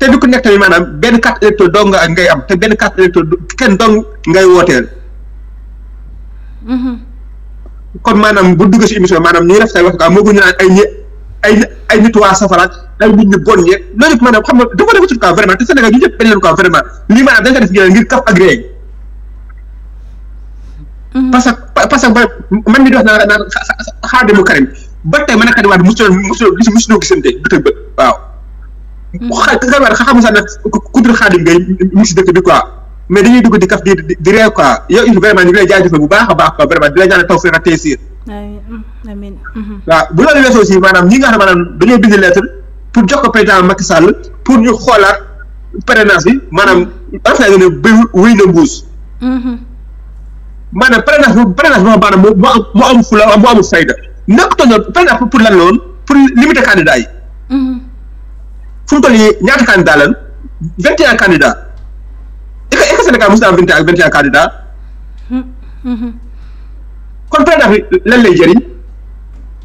te du ko nekk tamit maanaam benn carte électeur dong nga ngay am te benn carte électeur kenn dong ngay wooteel. Mhm. kon maanaam bu duggee si émission maanaam ñuy rafetlu wax dëgg moo gën ñu naan ay ñi ay ay nit waa safara ay nit ñu bon ñeeg loolu yëpp maanaam xam nga dafa defatul quoi vraiment te Sénégal ñu jëpp benn yoon quoi vraiment lii maanaam dañ ko def ngir kaf ak réew. Mhm. parce que parce man mii di naan naan xaadimu Karim ba tey man ak Karim Wade mosul mosul mosul gisante bët ak bët waaw. xa xabaar xam sax nag ku dul xaadim ngay mu si dëkk bi quoi mais dañuy dugg di kaf di di réew quoi yow il vraiment ñu ngi lay jaajëfal bu baax a baax quoi vraiment di la ñaanal tawfeex ak teysir amiin mhm. waaw bu loolu weesoo aussi maanaam ñi nga xam ne maanaam dañoo bind lettre pour jox ko président Macky Sall pour ñu xoolaat parrainage bi maanaam rafet na béy wéy na mbuus mhm. maanaam parrainage bu parrainage boo maanaam moo am moo am fula moo amul fayda nekk toñoon parrainage pour lan la woon pour limiter candidat yi mhm. fu mu toll nii ñaata candidat lan vingt et un candidat est ce que Sénégal mos na am vingt et un candidat kon président bi lan lay jëriñ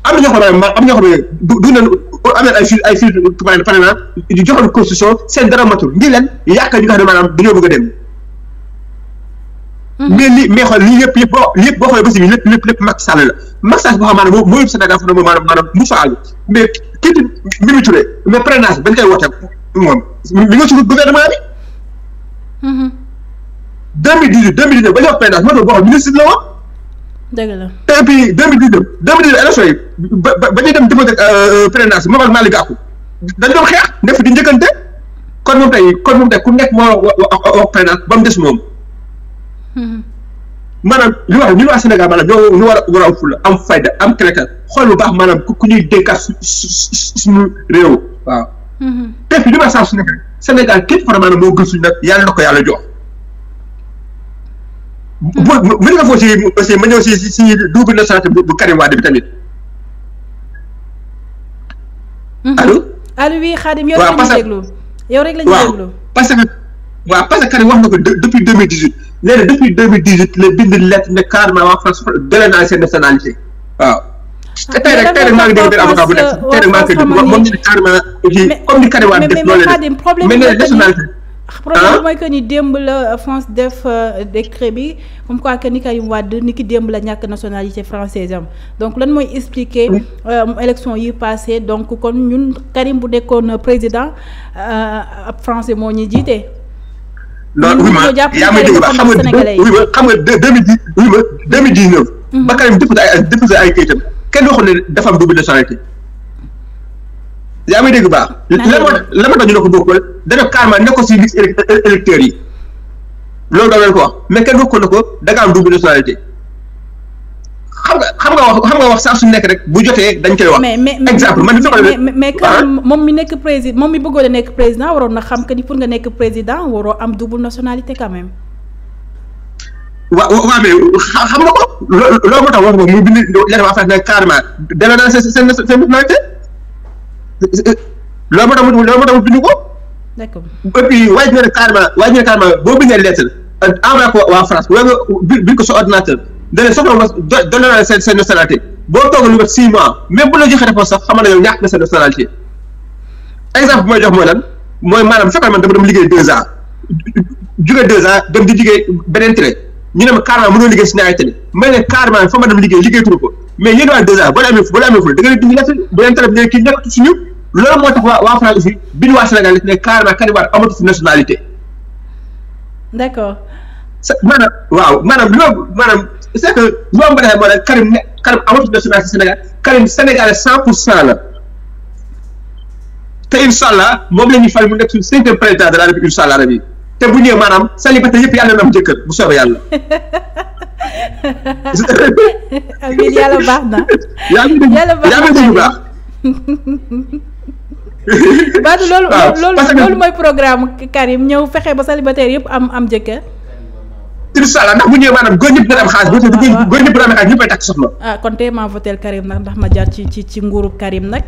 am na ñoo xam ne am na ñoo xam ne du du nañu am ay fil ay fil par exemple ah, joxoon constitution seen dara matul ngir leen yàq ñi nga xam ne maanaam dañoo bëgg a dem. Mm-hmm. mais li mais xool lii yëpp yëpp boo yëpp boo xoolee ba si biir lépp lépp lépp Macky la Macky Sall boo xam maanaam moo ëpp Sénégal fa ne moom maanaam maanaam mu faalu mais kii koy woote moom mi nga suñu gouvernement bi. 2018 mm-hmm. 2019 ba ñu wax parrainage moo tax boo xam ministre la woon. dëgg la te puis 2019 2019 élection yi ba ba ba ñuy dem déposé euh, euh, parrainage moom ak Malick Gakou dañ doon xeex def di njëkkante kon moom tey kon moom tey ku nekk moo wax parrainage ba mu des moom. Hmm. maanaam li wax ñun waa Sénégal maanaam ñoo ñu war a war a am fulla am fayda am kerkal xool bu baax maanaam ku ñuy dénkaat su su suñu réew waaw. Hmm. te su Sénégal képp moo gën suñu nag yàlla na ko yàlla jox. Hmm. boo mën nga foo si aussi ma ñëw si si si double nationalité bu Karim Wade bi tamit. allo. allo oui Khadim yow rek la rek la ñu déglu. waaw parce que Karim wax na ko depuis deux mille dix huit nee depuis deux mille dix huit la bind lettre ne carrément waa France dale naa seen nationalité waaw. Ah, te tey ngi dégg benn ni Karim wax def ah, ah? que ni démb la France euh, bi comme quoi que ni Karim Wade ni ki démb la ñàkk nationalité française donc lan mooy expliquer euh, élection yi passé donc kon ñun Karim bu nekkoon président euh, ab français moo ñuy jiite. loolu wuy ma yaa may dégg ba xam nga wuy ma xam nga deux mille dix wuy ma deux mille dix neuf mhm. ay déposé ay kayitam kenn waxoon ne dafa am double nationalité yaa may dégg baax la ma la ma tax ñu ne ko bokk da def carrément ne ko si liste électeurs yi loolu da leen ko wax mais kenn waxoon ne ko da nga am double xam nga xam nga wax xam nga wax saa suñu nekk rek bu jotee dañ koy wax. exemple man mais mais ah? moom mi nekk président moom mi bëggoon a nekk président waroon na xam que ni pour nga nekk président waroo am double nationalité quand même. waaw waaw mais xam nga ko loolu moo tax wax nga mu bind lettre waa France ne carrément delloo naa seen seen seen nationalité loolu moo tax loolu moo tax bind ko. d' accord et puis waaye ñu ne carrément waaye ñu ne carrément boo bindee lettre envoyé ko waa France wala bi bi ko sa ordinateur. dana Sofna Mas doon na seen seen nationalité boo toog lu mat six mois bu la joxee réponse sax xamal na yow ñàkk nga seen nationalité exemple bi jox mooy lan mooy maanaam fekkoon man dafa dem liggéey deux ans jugee deux ans dem di jugee beneen trait ñu ne ma carrément mënoo liggéey si nawet bi may ne carrément fa ma dem liggéey liggéeyatu ko mais yéen waa deux ans boo la amee boo la amee ful da ngeen di def beneen kii nekkatu si ñun loolu moo tax waa waa France aussi bi ñu waa Sénégal c'est que loolu ba defee moo ne Karim ne Karim amatul nationalité Sénégal Karim sénégalais cent pour cent la te incha allah moom la ñuy fal mu nekk suñu cinquième de la République incha allah rabi te bu ñëwee maanaam célibataire yëpp yàlla na am jëkkër bu soobee yàlla. amiin yàlla baax na. yàlla baax na yàlla dégg baax. loolu. loolu loolu mooy programme Karim ñëw fexe ba célibataire yëpp am am jëkkër. incha allah ndax bu ñëwee maanaam góor ñëpp dina am xaalis góor góor takk soxna. ah kon tey maa votel Karim nag ndax ma jaar ci ci ci nguuru Karim nag.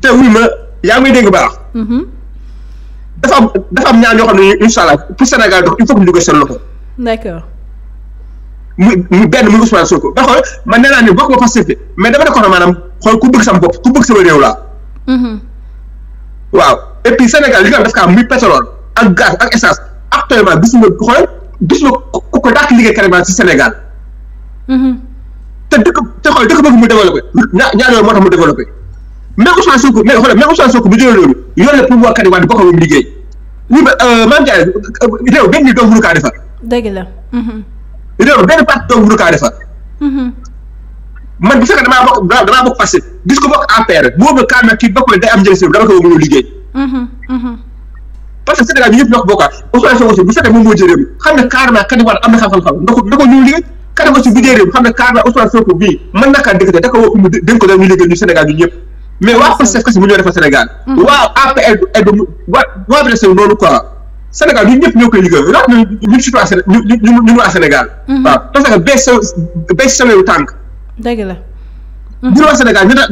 te wuy ma yaa ngi may dégg baax. Mm-hmm. dafa am dafa am ñaar ñoo xam ne incha allah pour Sénégal dox il faut que ñu dugal seen loxo. d'accord. mu mu benn muy Ousmane Sonko ba xool man nee naa ne bokk ma Pastef mais dama ne ko maanaam xool ku bëgg sama bopp ku bëgg sama réew laa. Mm-hmm. waaw et puis Sénégal li nga xam daf kaa muy pétrole ak gaz ak essence actuellement gisuma xool. gis nga ku ko dàq liggéey carrément ci Sénégal. Mm-hmm. te dëkk te xool dëkk bëgg mu développé ñaar ñaar loolu moo tax mu développé même Ousmane Sonko mais xoolal même Ousmane Sonko bu jëlee loolu yore la pour mu wax Karim Wade bokk moom liggéey ñu ne euh, Mame Ndiaye euh, réew benn kaa defar. dëgg la. Mm-hmm. réew benn parti doo mënu kaa defar. Mm-hmm. man bu fekkee damaa bokk damaa gis ko bokk APR boobu kaar na kii bokkul day am njëriñ si dama ko mënul liggéey. parce que Sénégal ñu ñëpp ñoo bokkaat Ousmane Sonko bu fekkee ñu ñu liggéey Sénégal ñu ñëpp mais waa Pastef kasi mu ñoo defal Sénégal waaw APR du waa waa bi noonu quoi Sénégal ñun ñëpp liggéey raat ñu ñu ñun Sénégal mm-hmm. waaw parce que bee tànk dëgg la mm-hmm. ñu wax Sénégal ñu nan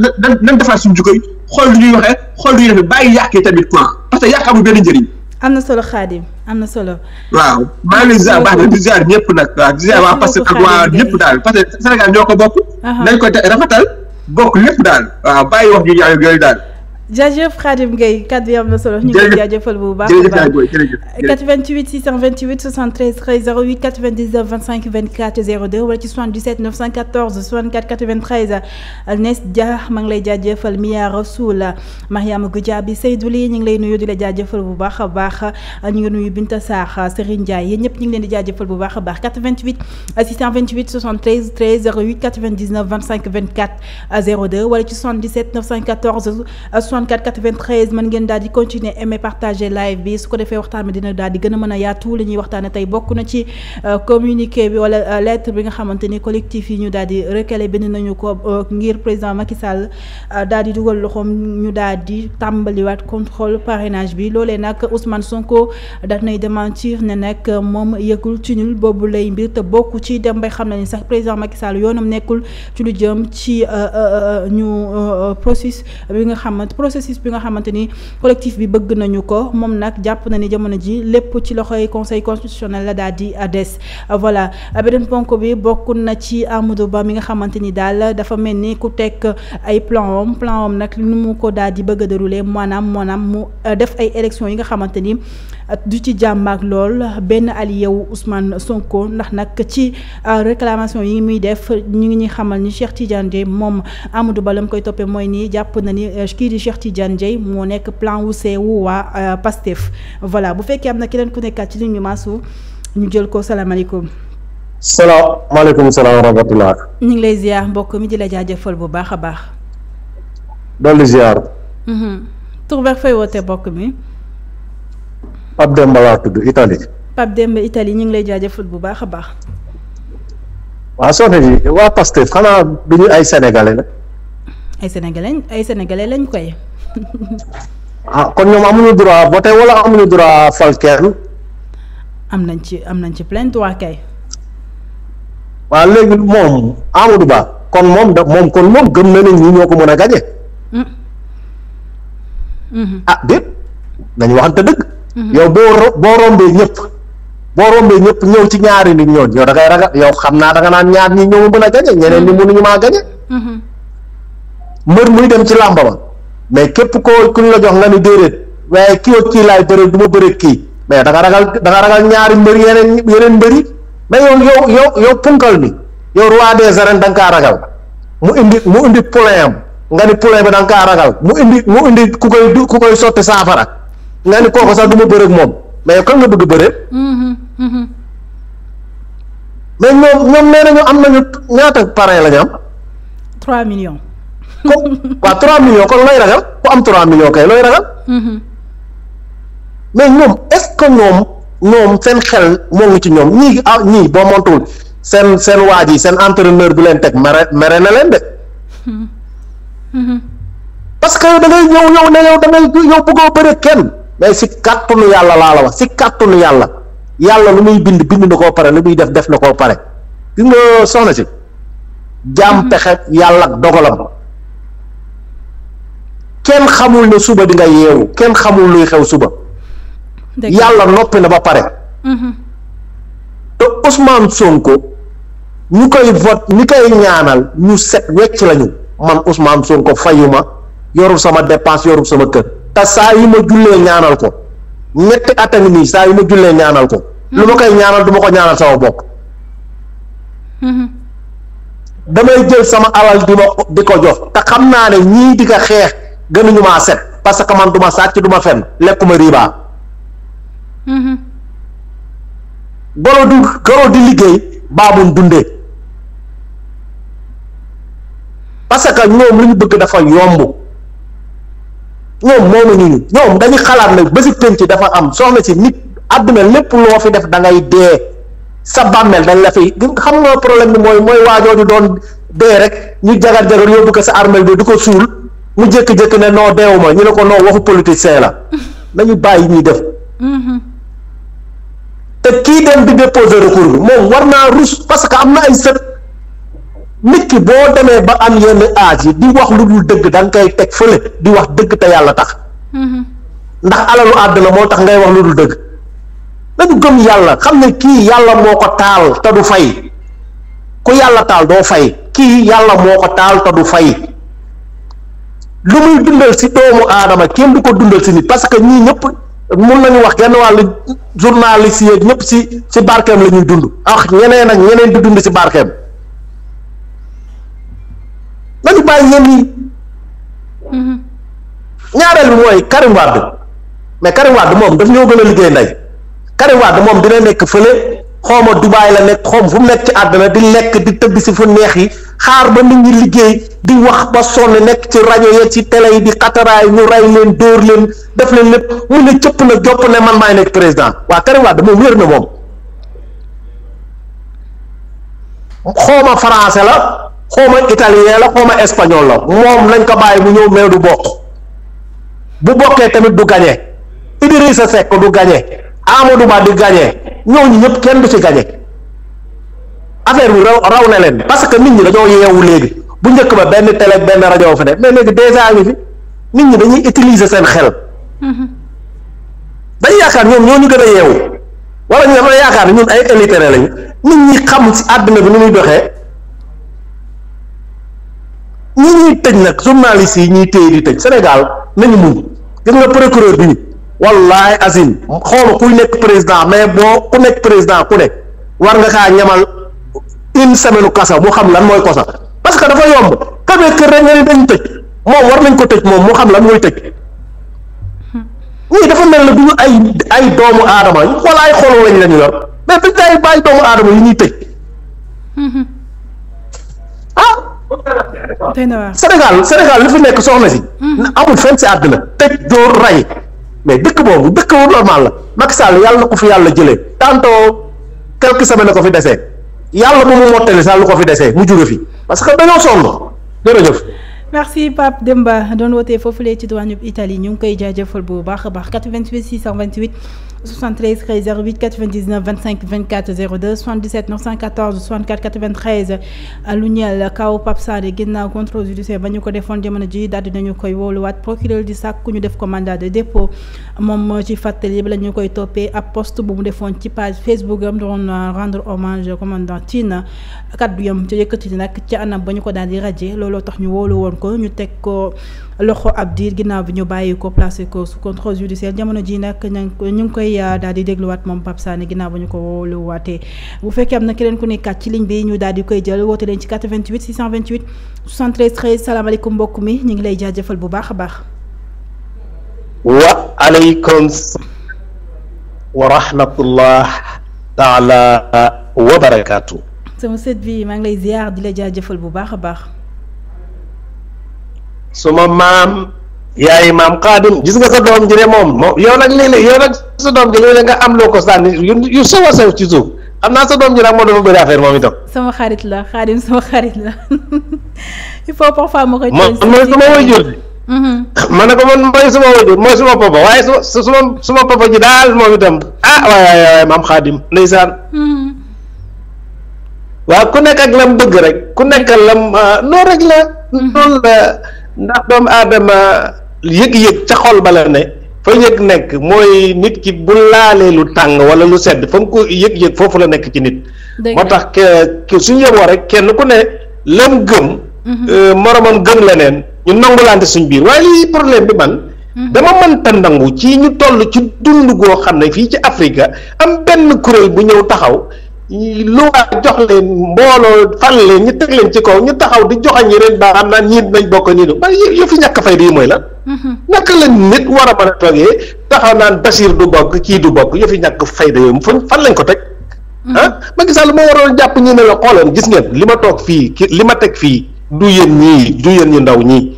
nan defar suñu jukkoy xool lu ñuy waxee xool lu ñuy defee bàyyi yàq yi tamit quoi parce que yàq amul benn njëriñ am na solo Khadim am na solo. waaw maa ngi ziar baax na di ziar ñëpp nag waaw di waa parce que ak waa ñëpp daal parce que Sénégal ñoo ko bokk. nañ ko rafetal bokk lépp daal. waaw bàyyi wax ju ñaaw yooyu daal. jaajëf Khadim Gueye kàddu yi am na solo ñu ngi koy jaajëfal bu baax a baax 88 628 73 08 99 25 24 02 wala ci 77 914 64 93 Nes Dia maa ngi lay ñu ngi lay nuyo di la jaajëfal bu baax a baax ñu ngi nuyu Binta Sarr Serigne Ndiaye yéen ñëpp ñu ngi leen di jaajëfal bu baax a baax 88 628 73 13 08 99 25 24 02 wala ci 77 914 34 93 mën ngeen daal di continuer aimer partager live bi su ko defee waxtaan bi dina daal di gën a mën a yaatu li ñuy waxtaane tey bokk na ci euh, communiqué bi wala euh, lettre bi nga xamante ni collectif yi ñu daal di recalé bind nañu ko euh, ngir président Macky Sall daal di dugal loxoom ñu daal di tàmbaliwaat contrôle parrainage bi loolee nag Ousmane Sonko daf nay démentir ne nag moom yëgul ci ñun boobu lay mbir te bokk ci dem bay xam na ni sax président Macky Sall yoonam nekkul ci lu jëm ci ñu processus bi processus bi nga xamante ni collectif bi bëgg nañu ko moom nag jàpp na ni jamono ji lépp ci loxoy conseil constitutionnel la daal di des voilà beneen ponk bi bokk na ci Amadou Ba mi nga xamante ni daal dafa mel ni ku teg ay plan om plan om nag nu mu ko daal di bëgg a dérouler maanaam maanaam mu euh, def ay élections yi nga xamante ni euh, du ci jàmm lool benn allié wu Ousmane Sonko ndax nag ci euh, réclamation yi muy def ñu ngi ñuy xamal ni Cheikh Tidiane Dièye moom Amadou Ba la Cheikh Tidiane Dieye moo nekk plan wu seewu waa euh, Pastef voilà bu fekkee am na keneen ku nekkaat ci ligne bi Mansour ñu jël ko salaamaaleykum. salaamaaleykum salaam wa ñu ngi lay ziar mbokk mi di la jaajëfal bu baax a baax. dolli ziar. Mm-hmm. tur beeg fay woote mbokk mi. Pape Demba laa tudd Italie. Pape Demba Italie ñu ngi lay jaajëfal bu baax a baax. waa soxna ji waa Pastef xanaa du ñu ay sénégalais la. ay sénégalais ay sénégalais lañ koy. ah kon ñoom amuñu droit voté wala amuñu droit fal kenn. am nañ ci am nañ ci plainte waa kay. waaw léegi moom Amadou Ba kon moom da moom kon moom gëm na ne ñi ñoo ko mën a gañe. Mm. Mm-hmm. ah déet dañu waxante dëgg. Mm-hmm. yow boo boo rombee ñëpp boo rombee ñëpp ñëw ci ñaari nit ñooñu yow da ngay yow xam naa da nga naan ñaar ñi ñoo mën a gañe ñeneen ñi mm-hmm. mënuñu maa gañe. mbër muy dem ci làmba ma mais képp ko kuñ la jox nga ni déedéet waaye kii ak kii laay bëre du ma bëre kii mais da ragal da ragal ñaari mbër yeneen yeneen mbëri mais yow yow yow yow punkal mi yow roi des arènes da kaa ragal mu indi mu indi poulain nga ni poulain bi da nga kaa indi mu indi ku koy ku koy sotti saafara nga ni kooku sax du ma bëre moom mais kan nga bëgg bëre mm-hmm, mm-hmm. mais ñoom ñoom nee nañu am nañu ñaata parrain la ñu am. comme waa 3 millions kon looy ragal ku am 3 millions kay looy ragal. Mm-hmm. mais ñoom est-ce que ñoom seen xel moo ngi ci ñoom ñii ah ñii boo montuwul seen seen waaj yi seen entraîneur bi leen teg mere mere na leen de. Mm-hmm. Mm-hmm. parce que da ngay ñëw yow ne yow da ngay yow bëggoo kenn mais si kàttanu yàlla laa la wax si kàttanu yàlla yàlla lu muy bind bind na koo pare lu muy def def na koo pare gis nga soxna si. jaam pexe yàlla ak kenn xamul ne suba di nga yeewu kenn xamul luy xew suba yàlla noppi na ba pare mm-hmm. te Ousmane Sonko ñu koy vote ñi koy ñaanal ñu set wecc lañu man Ousmane Sonko fayuma yorul sama dépense yorul sama kër te saa yi ma jullee ñaanal ko ñetti at a nii saa yi ma jullee ñaanal ko mm-hmm. lu ma koy ñaanal du ma ko ñaanal sama bopp mm-hmm. damay jël sama alal di ma di ko jox te xam naa ne ñii di ko xeex gënuñu maa set parce que man du ma sàcc du ma fen lekkuma riba mm-hmm. golo du golo di liggéey baabun dunde parce que ñoom lu ñu bëgg dafa yomb ñoom moomu ñu ñoom dañu xalaat ne bési penc dafa am soxna si nit àdduna lépp loo fi def dangay ngay dee sa bàmmeel dañ la fi xam nga problème bi mooy mooy waajoo di doon dee rek ñu jagar jagar yóbbu ko sa armeel bi du ko suul mu jékki-jékki ne non deewuma ñu ne ko non waxu politicien la nañu bàyyi ñuy def mm-hmm. te kii dem di déposer recours bi moom war naa rus parce que am na ay sët nit ki boo demee ba am yenn âge yi di wax lu dul dëgg da nga koy teg fële di wax dëgg te yàlla tax mm-hmm. ndax alalu àdduna moo tax ngay wax lu dul dëgg nañu gëm yàlla xam ne kii yàlla moo ko taal te du fay ku yàlla taal doo fay kii yàlla moo ko taal te du fay lu muy dundal si doomu aadama kenn du ko dundal si nit parce que ñii ñëpp mun nañu wax kenn genn wàllu journaliste yeeg ñëpp si si barkeem la ñuy dund ah ñeneen ak ñeneen di dund si barkeem nañu bàyyi yéen yi mm-hmm. ñaareel bi mooy Karim Wade mais Karim Wade moom daf ñoo gën a liggéey ndey Karim Wade moom dina nekk fële xawma Dubaay la nekk xawma fu mu nekk ci àddina di lekk di tëdd si fu neex yi xaar ba nit ñi liggéey di wax ba sonn nekk ci rajo ya ci télé yi di xataraay ñu rey leen dóor leen def leen lépp mu ne cëpp na jopp ne man maay nekk président waa Karim Wade moom wér na moom xooma français la xooma italien la xooma espagnol la moom nañ ko bàyyi mu ñëw mais du bokk bu bokkee tamit du gañe Idrissa Seck du gañe Amadou Ba di gañe ñooñu ñëpp kenn du ci gañe affaire bi raw raw na leen parce que nit ñi dañoo yeewu léegi bu njëkk ba benn télé benn rajo fa ne mais léegi dèjà ngi fi nit ñi dañuy utiliser seen xel. Mm-hmm. dañ yaakaar ñoom ñoo ñu gën a yeewu wala ñu dafa yaakaar ne ñun ay élitéré lañu nit ñi xam ci àddina bi nu muy doxee ñi ñuy tëj nag journaliste yi ñuy téye di tëj Sénégal nañu muñ gis nga procureur bi wallahi azim xoolu kuy nekk président mais boo ku nekk président ku ne war nga kaa ñamal. une semaine kaso mu xam lan mooy kosa parce que dafa yomb xamee kër rek nga ni dañu tëj moom war nañ ko tëj moom mu xam lan mooy tëj hmm. ñii dafa mel ne du ay ay doomu aadama wala ay xolu lañ lañu yor mais dañ day bàyyi doomu aadama yi ñuy tëj hmm. ah Sénégal Sénégal li fi nekk soxna si hmm. amul fenn si àddina tëj dóor rey mais dëkk boobu dëkk bu la Macky Sall yàlla na ko fi yàlla jëlee tantôt quelques semaines ko fi desee yàlla bu mu mottali sax lu ko fi desee mu jóge fi parce que dañoo sonn jërëjëf. merci Pape Demba doon wootee foofulee ci diwaanub Italie ñu ngi koy jaajëfal bu baax a baax 88 628. 73 08 99 25 24 02 77 914 64 93 kaw Pape Sané ginnaaw contrôle judiciaire ba ñu ko defoon jamono ji daal dinañu koy wooluwaat procureur di sàkk ñu def ko de dépôt moom ci fàttali ba la koy toppee ab post bu mu defoon ci page Facebook doon rendre hommage commandant Tine kaddu yam ca yëkkati nag ci anam ba ñu ko daal rajee looloo tax ñu wóolu woon ko ñu teg ko loxo ab diir ginnaaw bi ñu bàyyi ko placé ko sous koy ah, daal di dégluwaat moom Pape Sané ginnaaw ba ñu ko wóoluwaatee bu fekkee am na keneen ku nekkaat ci ligne bi ñu daal di koy jël woote leen ci 88 628 73 13 salaamaaleykum mbokk mi ñu ngi lay jaajëfal bu baax a baax. wa aleykum wa rahmatullah taala wa sama sët bi maa ngi lay ziar di la jaajëfal bu baax a baax. maam. yaayi maam xaadim gis nga sa doom ji de moom moom yow nag léeg-léeg yow nag sa doom ji léeg nga am loo ko sànni yu yu sew a sew ci suuf xam naa sa doom ji nag moo dafa bëri affaire moom itam. sama xarit la xaadim sama xarit la il faut parfois mm-hmm. ma koy. mooy ko man mooy sama waajur itam ah waay waay maam xaadim ndeysaan. Mm-hmm. waaw ku nekk ak lam bëgg rek ku nekk lam ah, noonu rek la. Mm-hmm. noonu la ndax doomu aadama. yëg-yëg ca xol bala ne fa yëg nekk mooy nit ki bu laalee lu tàng wala lu sedd fa mu ko yëg-yëg foofu la nekk ci nit moo tax ke suñu yeboo rek kenn ku ne lam gëm mhm. euh, moromam gëm leneen ñu nangulante suñu biir waaye lii problème bi man mhm. dama mënta nangu ci ñu toll ci dund goo xam ne fii ci Afrique am benn kuréel bu ñëw taxaw lu waa jox leen mbooloo fal leen ñu teg leen ci kaw ñu taxaw di joxañ yi ren baax am naa ñii nañ bokk nii du ba yë- yëfi ñàkk fay mooy la naka la nit war a mën a toogee taxaw naan Basiir du bokk kii du bokk yëfi ñàkk fayda yooyu fan fan lañ ko teg. Mm-hmm. ah Macky Sall moo waroon jàpp ñu ne la xooloon gis ngeen li ma toog fii ki li ma teg fii du yéen ñii du yéen ñi ndaw ñii.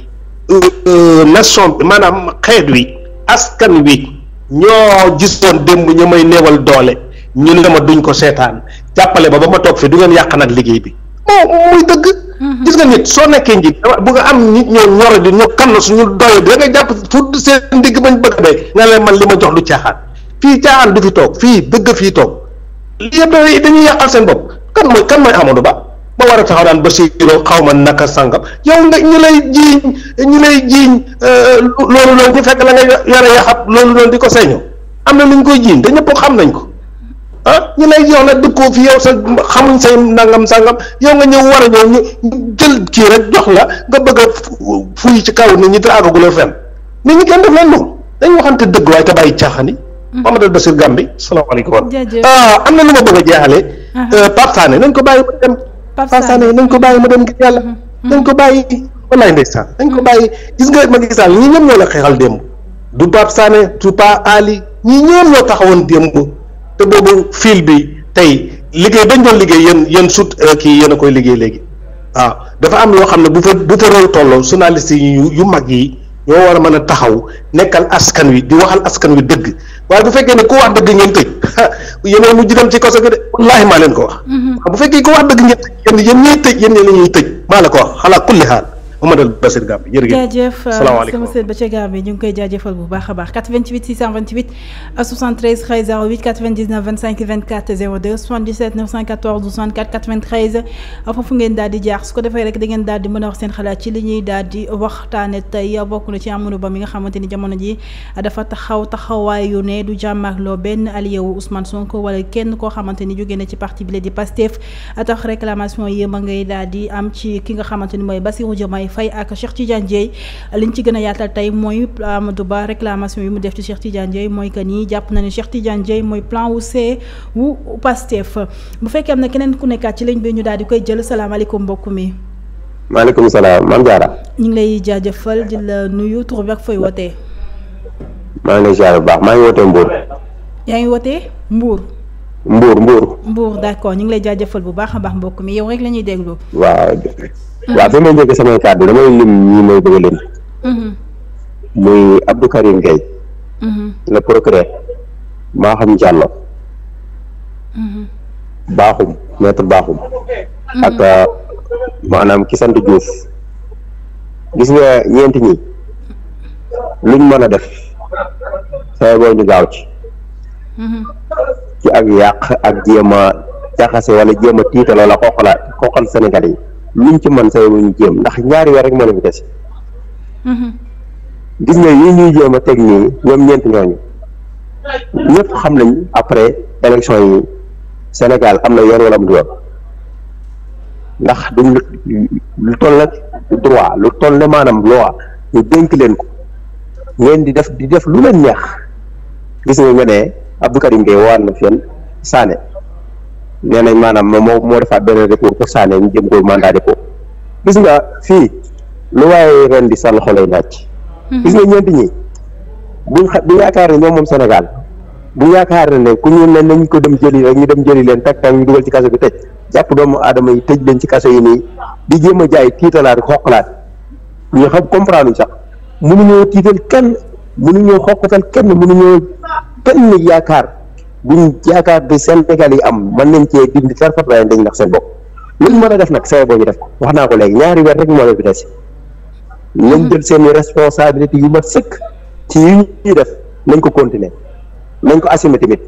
Euh, euh, nation maanaam xeet wi askan wi ñoo gisoon démb ñu may néewal doole ñu ne ma duñ ko seetaan jàppale ba ba ma toog fi du ngeen yàq nag liggéey bi. moo muy dëgg. gis nga nit soo nekkee njiit bu nga am nit ñoo ñoro di ñu kan na suñu doye bi da nga jàpp fu seen ndigg bañ bëgg a dee nga leen man li ma jox du caaxaan fii caaxaan du fi toog fii bëgg fii toog li yëpp da dañuy yàqal seen bopp kan mooy kan mooy Amadou Ba ba war a taxaw daan ba siroo xaw ma naka sangam yow nga ñu lay jiiñ ñu lay jiiñ euh, loolu loolu ñu fekk la nga yore yaxab loolu loolu di ko seeñoo am na lu ñu koy jiiñ te ñëpp xam nañ ko ah ñu lay yow nag dëkkoo fi yow sa xamuñ say nangam sangam yow nga ñëw war a ñëw ñu jël kii rek jox la nga bëgg a fuy ci kaw nit ñu te àggaguloo fenn nit ñi kenn def leen noonu dañ waxante dëgg waaye te bàyyi caaxaan yi. Mm-hmm. Mamadou Bassir Gambi salaamaaleykum. jaajëf ah am na lu ma bëgg a jeexalee. Uh-huh. Euh, Pape ko bàyyi mu dem. Pape Sané nañ ko bàyyi mu dem yàlla. nañ ko mm-hmm. mm-hmm. bàyyi wallaay ndeysaan nañ ko bàyyi gis nga ma gisaan ñii ñoom ñoo la xeexal démb du Pape Sané du Pape Ali ñii ñoom ñoo taxawoon démb te boobu fil bi tey liggéey bañ doon liggéey yéen yen sut euh, kii yéen a koy liggéey léegi waaw dafa am loo xam ne bu fa bu fa rôle tolloo journaliste yi yu mag yi ñoo war a mën a taxaw nekkal askan wi di waxal askan wi dëgg waaye bu fekkee ne ku wax dëgg ngeen tëj yeneen mu jitam ci kaso gi de wallaahi maa leen ko wax. Mm-hmm. bu fekkee ku wax dëgg ngeen tëj yéen yéen ñuy tëj yéen ñi la ñuy tëj maa la ko wax xalaa kulli xaal Mamadou Bassir Gambi jërëjëf jaajëf euh, salaamaaleykum ñu ngi koy jaajëfal bu baax a baax 88 628 73 08 99 25 24 02 77 914 64 93 foofu ngeen daal di jaar su ko defee rek da ngeen di mën a wax seen xalaat ci li ñuy daal di waxtaane tey bokk na ci Amadou Ba mi nga xamante jamono ji dafa taxaw taxawaayu ne du jàmmaarloo benn allié wu Ousmane Sonko kenn koo xamante jóge na ci parti bi di Pastef tax réclamation yi ngay daal di am Faye ak Cheikh Tidiane Dieye liñ ci gën a yaatal tey mooy Amadou Ba réclamation yi mu def ci Cheikh Tidiane Dieye mooy que ni jàpp na ne Cheikh Tidiane mooy plan wu C wu Pastef bu fekkee am na keneen ku nekkaat ci liñ bi ñu daal di koy jël salaamaaleykum mbokk mi. maaleykum salaam Mame Diarra. ñu ngi lay jaajëfal di la nuyu tur bi ak fooy wootee. maa ngi lay ziar bu baax maa ngi wootee Mbour. yaa ngi wootee Mbour. Mbour Mbour. Mbour d' accord ñu ngi lay jaajëfal bu baax a baax mbokk mi yow rek la ñuy déglu. waaw waaw fi may njëkk samay kàddu damay lim ñi may bëgg a lim. Mm-hmm. muy Abdou Karim Gueye. Mm-hmm. le procureur Maham Diallo. Mm-hmm. Baaxum maître Baaxum. ak euh, maanaam ki sant Diouf. gis nga ñeenti ñi luñ mën a def. saa boo ñu gaaw ci. ci ak yàq ak jéem a jaxase wala tiital wala koqalaat koqal Sénégal yi luñ ci mën say ñu jéem ndax ñaari weer rek moo leen fi des. Mm-hmm. gis xam nañ après élection yi Sénégal am na yoon wala amul yoon ndax duñ lu toll nag droit lu toll ne maanaam loi ñu dénk leen ko ngeen di def di def lu leen neex gis nga nga Abdou Karim Gueye woowaat na fenn Sané nee maanaam moo moo defaat beneen recours pour Sané ñu jëm koy mandat de dépôt gis nga fii lu waaye ren di sa loxo lay laaj. Mhm. gis nga ñeenti ñi buñ xa bu yaakaar ne ñoom moom Sénégal bu yaakaar ne ne ku ñu ne nañ ko dem jëli rek ñu dem jëli leen tak tak ñu dugal ci kaso bi tëj jàpp doomu adama yi tëj leen ci kaso yi nii di jéem a jaay tiitalaat laat ñu xam comprendre sax mu mënuñoo tiital kenn mënuñoo xoqatal kenn mënuñoo benn yaakaar buñ yaakaar bi Sénégal yi am mën nañ cee dindi tarfat waaye dañ ndax seen bopp luñ mën a def nag sawe boo ñu def ko wax naa ko léegi ñaari weer rek moo leen fi des nañ jël hmm. seeni responsabilité yu mat sëkk ci yu ñuy def nañ ko continuer nañ ko assime tamit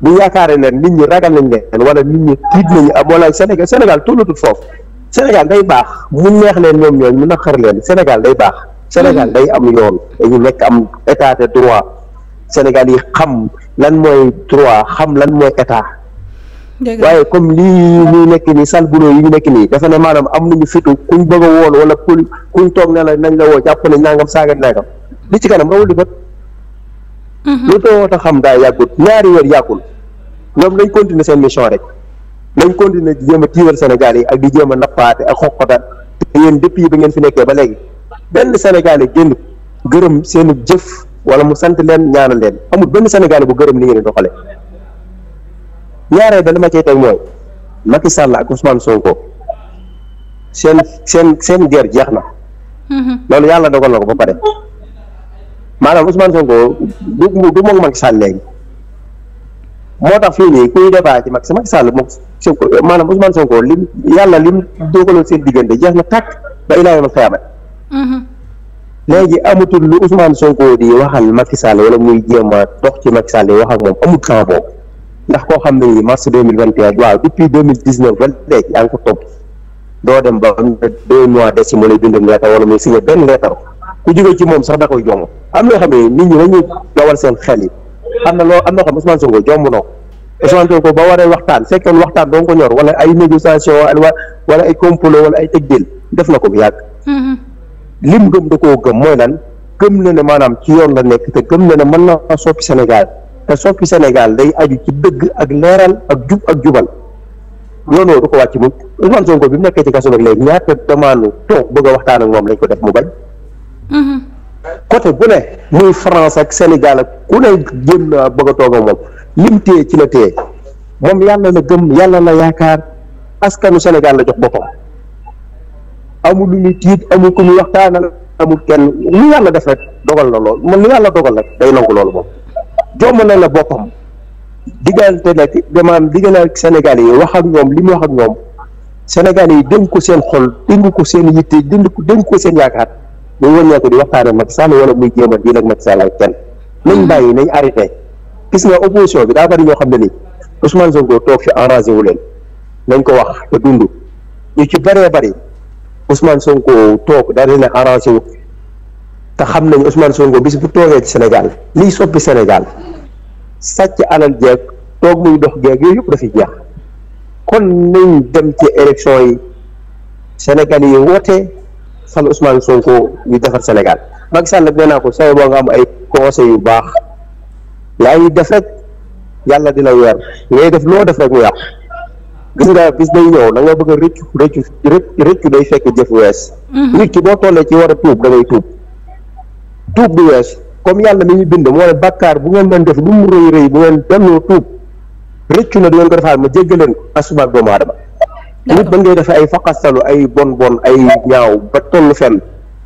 bu yaakaaree nen nit ñi ragal nañ leen wala nit ñi tiit nañu am ah, wala Sénégal Sénégal tollatut foofu Sénégal day baax mu neex leen ñoom ñooñu mu naqar leen Sénégal day baax Sénégal hmm. day am yoon dañu nekk am état de Sénégal yi xam lan mooy droit xam lan mooy état waaye comme lii ñu nekk nii salbulo yi ñu nekk nii dafa ne maanaam am nañu fitu kuñ bëgg a woon wala kuñ kuñ toog ne la nañ la woo jàpp nañ nangam saaga nangam li ci kanam rawul di bët mhm. lu too ta xam daa yàggut ñaari weer yàggul ñoom lañ continuer seen mission rek nañ continuer di jéem a tiiwal Sénégal yi ak di jéem a nappaate ak xoqata te yéen yi ba ngeen fi nekkee ba léegi benn Sénégal yi génn gërëm seenu jëf wala mu sant leen ñaanal leen amul benn Sénégalais bu gërëm li ngeen di doxale ñaareel ba ma cay teg mooy Macky sàll ak Ousmane Sonko seen seen seen guerre jeex na. Mm-hmm. loolu yàlla dogal na ko ba pare maanaam Ousmane Sonko du du moom Macky moo tax fii nii kuy débat ci Macky Macky Sall moom Sonko maanaam Ousmane Sonko li yàlla li doogaloo seen diggante jeex na takk ba ilaa yomal léegi amatul lu Ousmane Sonko di waxal Macky Sall muy jéem dox ci Macky di wax ak moom amul temps ndax koo xam ne nii mars deux mille vingt et un waaw depuis deux mille dix neuf ba léegi yaa ngi ko topp doo dem ba am na deux mois des ci mu lay bind leetar wala muy signé benn leetar ku jóge ci moom sax da koy jomb am na xam ne nit ñi dañuy dawal seen xel yi am na loo am na xam Ousmane Sonko jomb na ko Ousmane Sonko ba waree waxtaan fekkoon waxtaan doo ko ñor wala ay négociation wala ay complot wala ay teg def na ko bu yàgg. Mm-hmm. lim gëm da koo gëm mooy lan gëm na ne maanaam ci yoon la nekk te gëm na ne mën na soppi Sénégal te soppi Sénégal day aju ci dëgg ak leeral ak jub ak jubal yoon woo du ko wàcc bi mu nekkee ci kaso bi léegi ñaata demande toog bëgg a moom lañ ko def mu bañ. Mm-hmm. côté bu ne muy France ak Sénégal ak ku ne jéem na bëgg a toog moom lim téye ci la téye moom yàlla la gëm yàlla la yaakaar askanu Sénégal la jox boppam. amul lu ñu tiit amul ku ñu waxtaanal amul kenn lu yàlla def rek dogal na lool man lu yàlla dogal rek day nangu loolu moom jomb na la boppam diggante nag damaam diggante ak Sénégal yi wax ak ñoom li mu wax ak ñoom Sénégal yi dénk ko seen xol dénk ko seen yitte dénk ko ko seen yaakaar muy wëññeeku di waxtaan ak Macky Sall wala muy jéem a di nag Macky Sall ak kenn nañ bàyyi nañ arrêté gis nga opposition bi daa bari ñoo xam ne nii Ousmane Sonko toog fi enragé wu leen nañ ko wax te dund ñu ci bëree bëri Ousmane Sonko toog daal dina arrangé wu te xam nañ Ousmane Sonko bis bu toogee ci Sénégal liy soppi Sénégal sàcc alal jeeg toog muy dox jeeg yooyu yëpp dafiy jeex kon nañ dem ci élection yi Sénégal yi woote fal Ousmane Sonko ñu defar Sénégal Macky Sall nag naa ko say boo nga am ay conseil yu baax yaa ngi def rek yàlla dina weer ngay def loo def rek mu yàqu gis nga bis day ñëw da nga bëgg a rëccu rëccu rëccu day fekk jëf wees mhm. nit boo tollee ci war a tuub da ngay tuub tuub du wees comme yàlla mi ñu bind moo ne bàkkaar bu ngeen doon def lu mu rëy rëy bu ngeen demloo tuub rëccu na du ko defaat ma jéggaleen ko asubaak doomu aadama nit ba ngay def ay faqastalu ay bon bon ay ñaaw ba toll fenn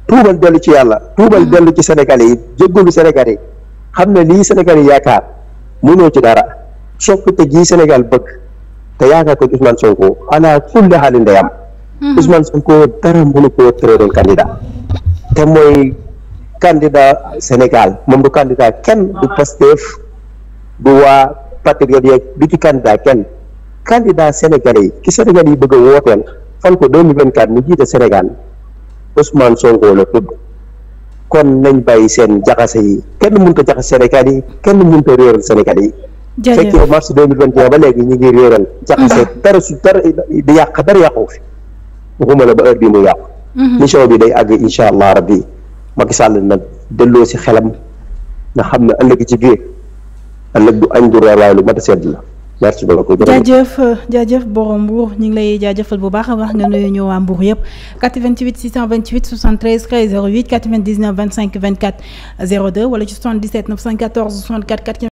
tuubal dellu ci yàlla tuubal mhm. dellu ci senegal yi jéggalu Sénégal yi xam ne lii senegal yi yaakaar mënoo ci dara soppite jii senegal bëgg te yaakaar ko Ousmane Sonko ala kulli xaalin day am. Ousmane hmm. Sonko dara mënu koo tëral candidat te mooy candidat Sénégal moom du candidat kenn du Pastef du waa patriote yeeg du ci candidat kenn candidat sénégalais yi ki Sénégal yi bëgg a wooteel fal ko 2024 mu jiite Sénégal Ousmane Sonko la tudd kon nañ bàyyi seen jaxase yi kenn mënut a jaxase Sénégal yi kenn mënut a réeral Sénégal yi. fekkee mars deux mille vingt et un ba léegi ñu ngi réeral jaxase dara su dara di yàq dara yàqu fi waxuma la ba heure bii mu yàqu mission bi day àgg insha allah rabbi Macky Sall nag delloo si xelam nga xam ne ëllëg ci biir ëllëg du añ du reer waaye lu mat a sedd la merci beaucoup jaajëf jaajëf borom Mbour ñu ngi lay jaajëfal bu baax a baax nga nuyu ñu waa Mbour yëpp 88 628 73 13 08 99 25 24 02 wala ci 77 914 64